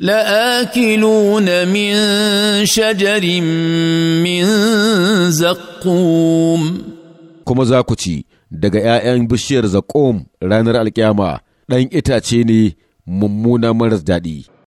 لاكلون من شجر من زقوم kuma za ku ci daga ‘ya'yan bishiyar zaƙom ranar alƙyama ɗan itace ne mummuna maras daɗi.